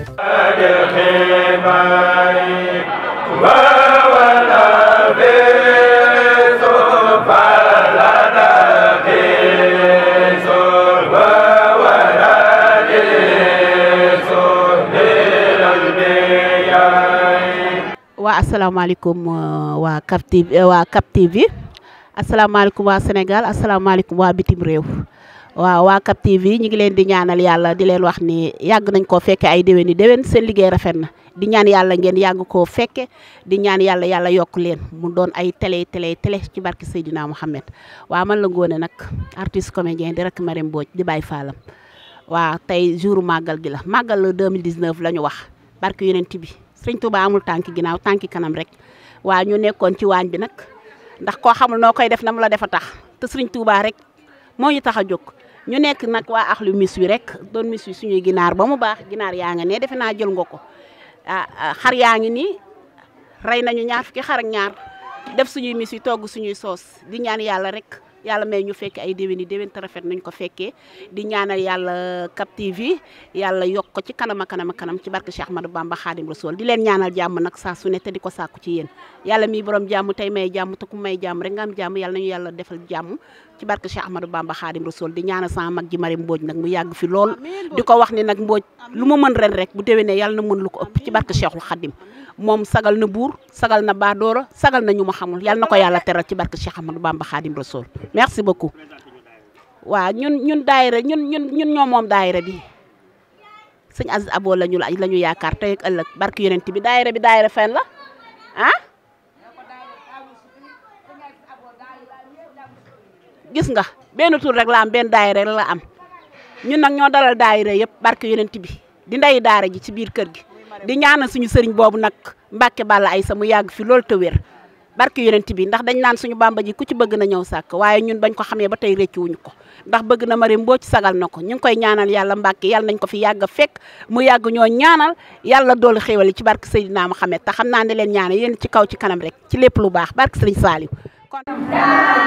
waa asalaamaaleykum uh, waa Cap TV uh, waa Cap TV asalaamaaleykum waa Sénégal asalaamaaleykum waa bitim réew waaw waa Cap TV ñu ngi leen di ñaanal yàlla di leen wax ni yàgg nañ ko fekke ay déwén yi seen liggéey rafet na di ñaan yàlla ngeen yàgg koo fekke di ñaan yàlla yàlla yokk leen mu doon ay télé télé télé ci barke Seydina Mouhamed waa man la Ngoné nag artiste comédien di ma Marème Mbodj di bàyyi faalam waaw tey jour màggal gi la màggal 2019 la ñu wax barke yonent bi sëñ Touba amul tànki ginnaaw tànki kanam rek waa ñu nekkoon ci waañ bi nag ndax koo xamul noo koy def na mu la defa tax te sëriñ Touba rek moo ñu tax a jóg ñu nekk nag waa axlu mis wi rek doon mis wi suñuy ba mu nga ne defe jël nga ah, ah xar yaa ngi nii rey nañu ñaar fukki xar ak ñaar def suñuy mis wi togg suñuy soos di ñaan yàlla rek yàlla may ñu fekk ay déwén yi déwén rafet nañ ko fekkee di ñaanal yàlla Cap TV yàlla ko ci kanam kanam kanam ci barke Cheikh Ahmadou Bamba Khadim Rasoul di leen ñaanal jàmm nag saa su ne te di ko ci yéen yàlla mi borom jàmm tey may jàmm te ku may jàmm rek nga am nañu defal ci barke Cheikh Ahmadou Bamba Khadim Rasoul di ñaana sama mag ji Mari Mbooj nag mu yàgg fi lool di ko wax ni nag Mbooj lu ma mën ren rek bu ne yàlla na mën lu ko ëpp ci barke Cheikhul Khadim moom sagal na buur sagal na baadoora sagal na ñu mu xamul yàlla na ko yàlla teral ci barke Cheikh Ahmadou Bamba Khadim Rasoul merci beaucoup waaw ñun ñun daayira ñun ñun ñun ñoo moom daayira bi sëñ Aziz Abo lañu la ñu yaakaar tey ak ëllëg barke yonent bi daayira bi daayira fen la ah? gis nga benn tur rek la am benn daayira la am ñun nag ñoo dalal daayira yëpp barke yonent bi di ndeyi daara ji ci biir kër gi di ñaanal suñu sëriñ boobu nag Mbàkke Balla Aysa mu yàgg fi lool te wér barke yonent bi ndax dañ naan suñu bàmba ji ku ci bëgg na ñëw sàkk waaye ñun bañ ko xamee ba tey réccuwuñu ko ndax bëgg na Mari Mbóoj sagal na ko ñu ngi koy ñaanal yàlla Mbàkke yàlla nañ ko fi yàgg fekk mu yàgg ñoo ñaanal yàlla doolu xéewal ci barke Seydina Muhammad te xam naa ne leen ñaanal yéen ci kaw ci kanam rek ci lépp lu baax barke Sëriñ Saaliw kon daa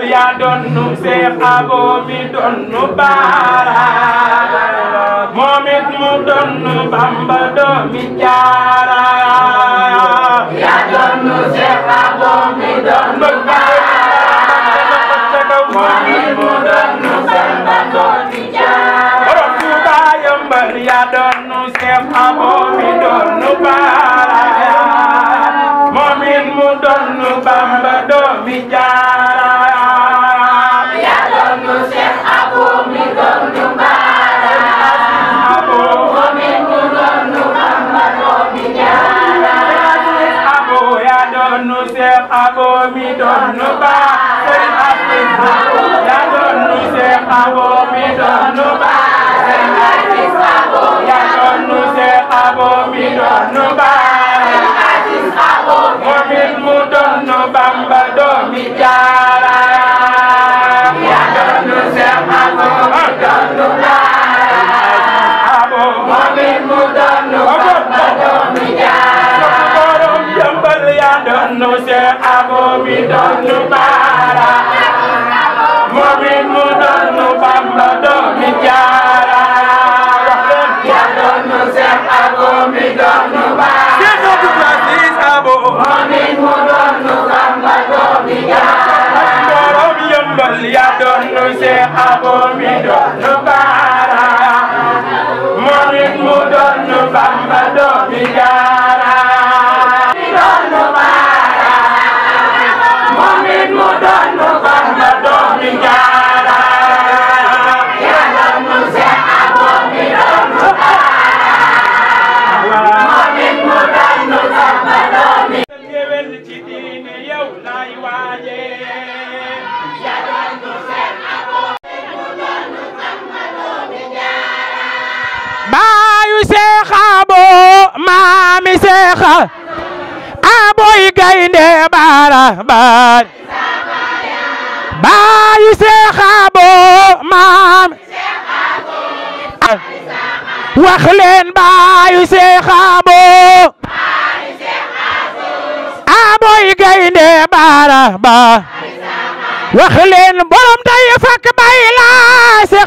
Abdul yaa donnu Seex Abo mi donnu Baara moom it mu donnu Bamba doomi Jaara yaa donnu Seex Abo mi donnu Baara moom it mu donnu Bamba doomi Jaara borom no se abo mi don no ba abomido nu baara morit mu doon nu Bamba doomi jaara baayu seex abo maami seex aboy gaynde baara baar baayu seex abo maam gaynde baara baar wax leen borom day fakk bay laa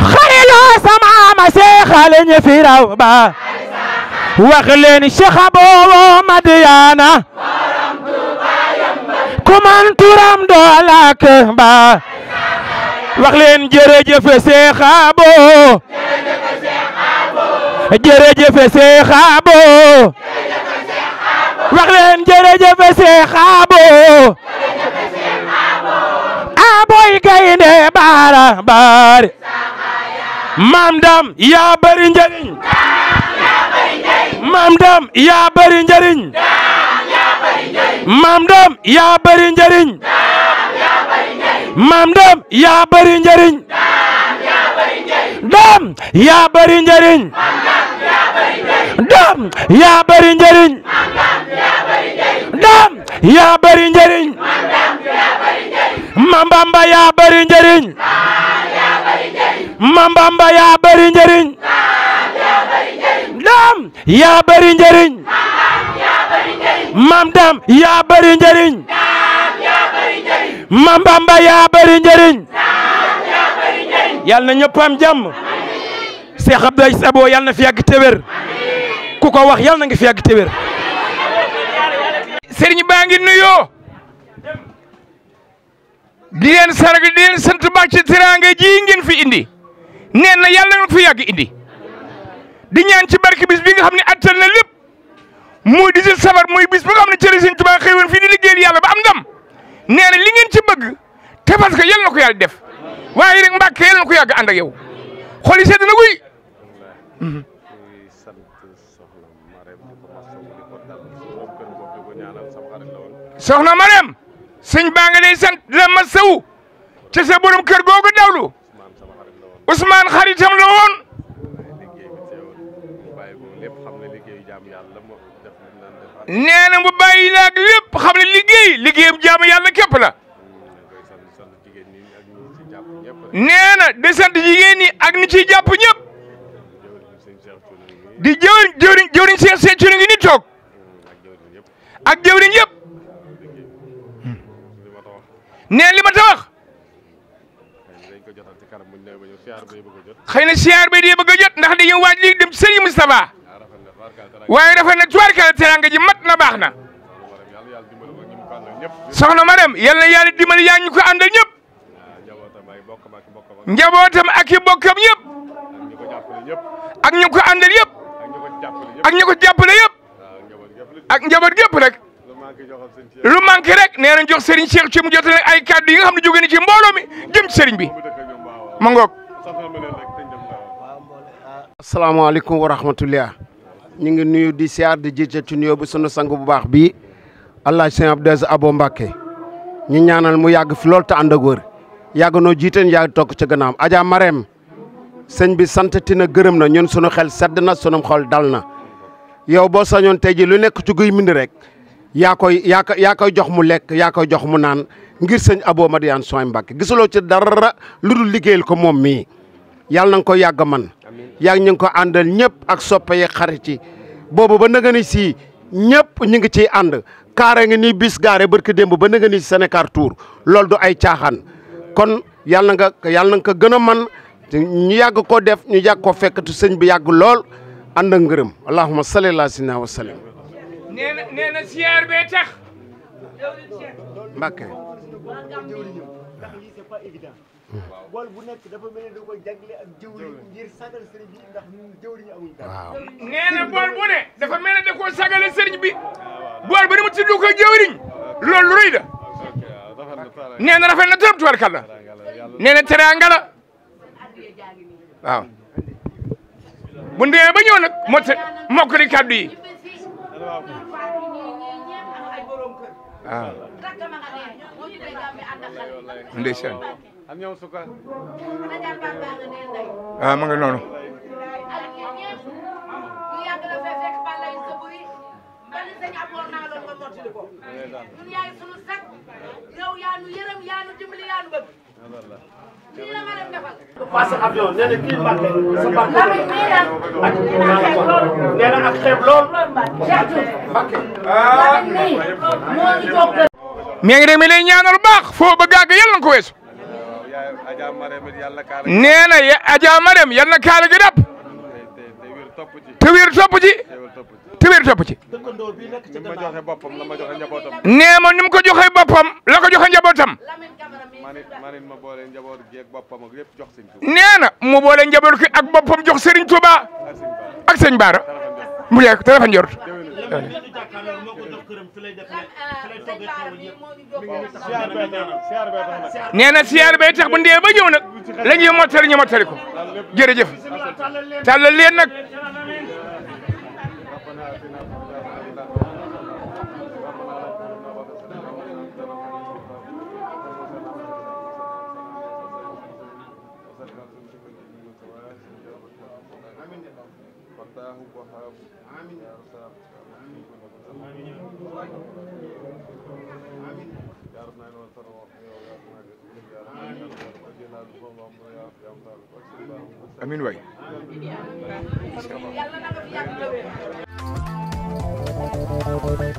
xayloo sama ma seexal ñi fi raw ba wax leen Cheikh boobu Madiana ku man turam doo làkk ba wax leen jërëjëf Cheikh boobu jërëjëf Cheikh boobu wax leen jërëjëf Cheikh boobu aboy gaynde baara baari maam daam yaa bëri njëriñ. maam daam yaa bëri njëriñ. maam daam yaa bëri njëriñ. maam daam yaa bëri njëriñ. daam yaa bëri njëriñ. daam yaa bëri njëriñ. daam yaa bëri njëriñ. maam bamba yaa bëri njëriñ. mambamba yaa bari njëriñ dam yaa bari njëriñ mam dam yaa bari njëriñ mambamba yaa bari na ñëpp am jàmm Cheikh Abdoulaye Sabo yàlla na fi yàgg te ku ko wax yàlla na nga fi yàgg te wér baa ngi nuyoo di leen sargal di leen sant baax ci teraanga ji ngeen fi indi neen na yàlla na fi yàgg indi di ñaan ci barke bis bi nga xam ne attan na lépp muy di sabar muy bis ba nga xam ne cëri Sëñ Tuubaa xëy di liggéeyal yàlla ba am ndam nee na li ngeen ci bëgg te parce que na ko yàlla def waaye rek Mbàkke yàlla na ko yàgg ànd ak yow xol na guy. Mhm. soxna Marème. sëñ baa nga lay sant la ma saw ci sa borom kër googu dawlu Ousmane xaritam la woon nee mu bàyyi laag lépp xam ne liggéey liggéeyam jaamu yàlla képp la nee na di sant jigéen ñi ak ni ciy jàpp di jëwriñ jëwriñ jëwriñ Cheikh Cheikh ni toog ak jëwriñ yëpp ne li ma ta wax xëy na siyaar bi di bëgg a jot ndax dañuy waaj li dem sëriñ Moustapha waaye rafet na tubaarkalla teraanga ji mat na baax na soxna ma dem yal na yàlla dimbali yaa ñu ko àndal ñëpp njabootam ak i bokkam ñëpp ak ñu ko àndal yëpp ak ñu ko jàppale yëpp ak njaboot yëpp rek lu manqué rek nee nañ jox Serigne ci mu jot nag ay kàddu yi nga xam ne jóge na ci mbooloo mi jëm bi ma ngoog. asalaamaaleykum wa rahmatulah ñu ngi nuyu di siyaar di jiite ci nuyoo bi sunu sang bu baax bii El Hadj Sëñ Abdou Aziz Abo Mbacké ñu ñaanal mu yàgg fi lool te ànd ak wër yàgg noo jiite ñu yàgg toog ca gànnaawam Adja Marème sëñ bi sant na gërëm na ñun sunu xel sedd na sunu xol dal na yow boo sañoon tey ji lu nekk ci guy mbind rek. Ya koy ya ko ya koy jox mu lek ya koy jox mu nan ngir seigne Abo madian soy Mbàkke gisulo ci dara luddul dul ko mom mi yal nang ko yag man yag ñing ko andal ñepp ak soppe xariti bobu ba nga ni si kaare nga ni bis gaare barke démb ba nga ni senegal Tour lol du ay tiaxan kon yal nang ko yal nang ko gëna man ñu yag ko def ñu ko fekk tu seigne bi yag lol and ngeureum allahumma salli ala sayyidina wa sallam nee na nee na siyaar bee tax. Mbacke. ndax nekk dafa mel ni da koy bi ndax ñun jëwriñ amul bu ne dafa mu tudd ko jëwriñ loolu lu rëy la. nee na rafet na trop tubarkalla nee na teraanga la waaw. bu ndee ba ñëw nag mot mokkali kàddu yi. ah. ndeysaan. ah, ah ma nga noonu. ñun yaay sunu sag yow yaa nu yërëm yaa nu dimbali yaa nu bëgg. lii la ma leen defal. passé avion nee na kii Mbacke sa Mbacke. ak nee na ak xeeb lool. nee na ak xeeb lool. Mbacke. Lamine nii moo ngi toog kër. nee nga dem lay ñaanal baax foo bëgg àgg yàlla na ko weesu. nee na ya Adja Marème yal na kaala gi dab. te wér topp ci. te wér topp ci. nee ma ni mu ko joxee boppam la ko joxe njabootam. nee na mu boole njaboot ki ak boppam jox Serigne Touba ak sëñ Baara mu jeex téléphone nee euh, na siyaar bee tax bu ndee ba ñëw nag la ñuy mottali ñu mottali ko jërëjëf tàllal leen nag رب وهاب يا رزاق يا رب نعين والفر والحياة ويا رب نعين يا رب نعين وجلال اللهم يا رب يا مطالب أكثر الله أمين وي يلا نعم يا رب